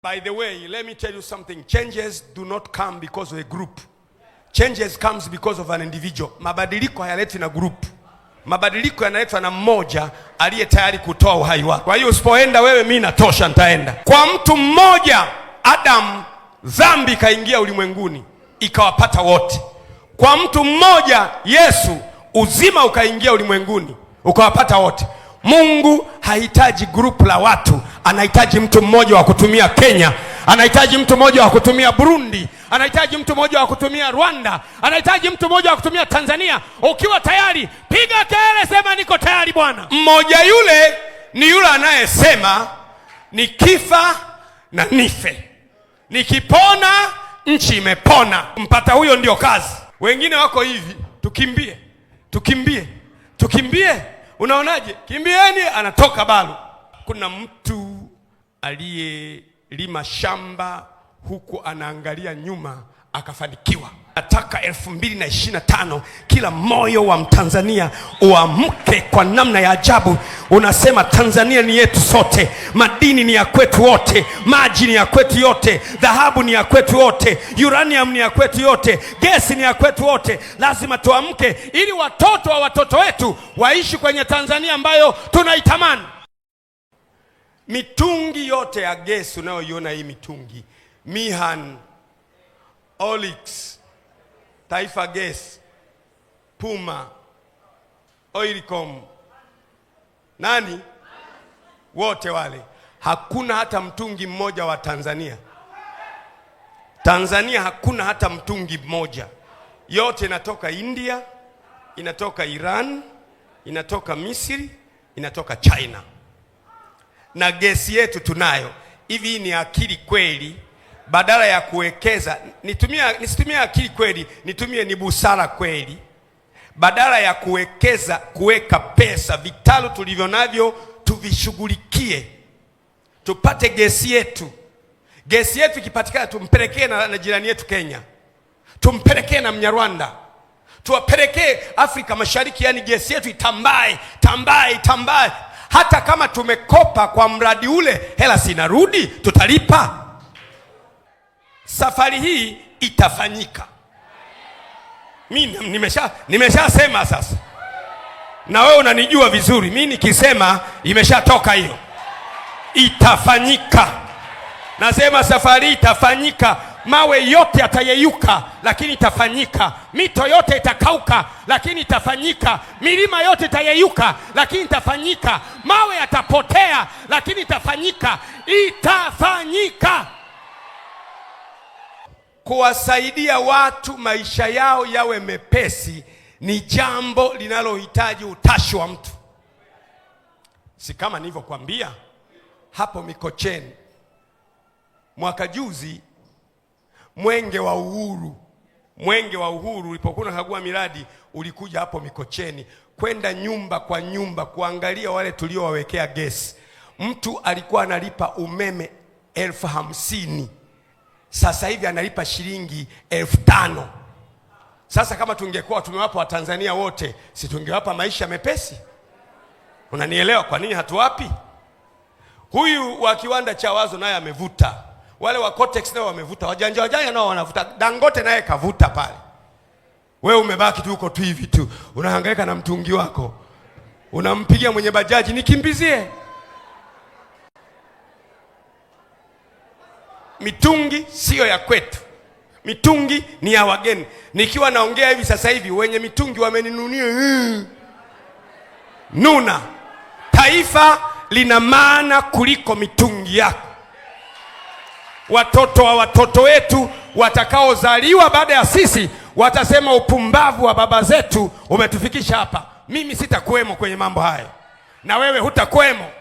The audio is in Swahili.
By the way, let me tell you something. Changes do not come because of a group. Changes comes because of an individual. Mabadiliko hayaletwi na group. Mabadiliko yanaletwa na mmoja aliye tayari kutoa uhai wake. Kwa hiyo usipoenda wewe, mimi natosha, nitaenda. Kwa mtu mmoja Adam, dhambi ikaingia ulimwenguni ikawapata wote. Kwa mtu mmoja Yesu, uzima ukaingia ulimwenguni ukawapata wote. Mungu hahitaji group la watu anahitaji mtu mmoja wa kutumia Kenya, anahitaji mtu mmoja wa kutumia Burundi, anahitaji mtu mmoja wa kutumia Rwanda, anahitaji mtu mmoja wa kutumia Tanzania. Ukiwa tayari, piga kelele, sema niko tayari Bwana. Mmoja yule ni yule anayesema ni kifa na nife, nikipona nchi imepona. Mpata huyo ndio kazi. Wengine wako hivi, tukimbie, tukimbie, tukimbie. Unaonaje? Kimbieni, anatoka balo. Kuna mtu aliyelima shamba huku anaangalia nyuma akafanikiwa. Nataka elfu mbili na ishirini na tano kila moyo wa Mtanzania uamke kwa namna ya ajabu, unasema Tanzania ni yetu sote, madini ni ya kwetu wote, maji ni ya kwetu yote, dhahabu ni ya kwetu wote, uranium ni ya kwetu yote, gesi ni ya kwetu wote. Lazima tuamke ili watoto wa watoto wetu waishi kwenye Tanzania ambayo tunaitamani mitungi mitungi yote ya gesi unayoiona hii mitungi Mihan, Olix, Taifa ges Puma, Oilcom, nani wote wale, hakuna hata mtungi mmoja wa Tanzania. Tanzania hakuna hata mtungi mmoja, yote inatoka India, inatoka Iran, inatoka Misri, inatoka China na gesi yetu tunayo. Hivi ni akili kweli? Badala ya kuwekeza nitumie, nisitumie akili kweli, nitumie ni busara kweli. Badala ya kuwekeza kuweka pesa, vitalu tulivyo navyo tuvishughulikie, tupate gesi yetu. Gesi yetu ikipatikana tumpelekee na, na jirani yetu Kenya, tumpelekee na Mnyarwanda, tuwapelekee Afrika Mashariki. Yani gesi yetu itambae tambae tambae hata kama tumekopa kwa mradi ule, hela sinarudi, tutalipa. Safari hii itafanyika. Mi nimesha nimeshasema sasa, na wewe unanijua vizuri. Mi nikisema imeshatoka hiyo, itafanyika. Nasema safari itafanyika mawe yote yatayeyuka, lakini itafanyika. Mito yote itakauka, lakini itafanyika. Milima yote itayeyuka, lakini itafanyika. Mawe yatapotea, lakini itafanyika, itafanyika. Kuwasaidia watu maisha yao yawe mepesi ni jambo linalohitaji utashi wa mtu, si kama nilivyokuambia hapo Mikocheni mwaka juzi mwenge wa uhuru. Mwenge wa uhuru ulipokuwa unakagua miradi, ulikuja hapo Mikocheni kwenda nyumba kwa nyumba kuangalia wale tuliowawekea gesi. Mtu alikuwa analipa umeme elfu hamsini sasa hivi analipa shilingi elfu tano. Sasa kama tungekuwa tumewapa Watanzania wote, si tungewapa maisha mepesi? Unanielewa kwa nini hatuwapi? Huyu wa kiwanda cha Wazo naye amevuta wale wa Cortex nao wamevuta, wajanja wajanja nao wanavuta. Dangote naye kavuta pale, we umebaki tu uko tu hivi tu unahangaika na mtungi wako, unampigia mwenye bajaji, nikimbizie mitungi. Siyo ya kwetu, mitungi ni ya wageni. Nikiwa naongea hivi sasa hivi, wenye mitungi wameninunia nuna. Taifa lina maana kuliko mitungi yako watoto wa watoto wetu watakaozaliwa baada ya sisi watasema upumbavu wa baba zetu umetufikisha hapa. Mimi sitakuwemo kwenye mambo hayo, na wewe hutakuwemo.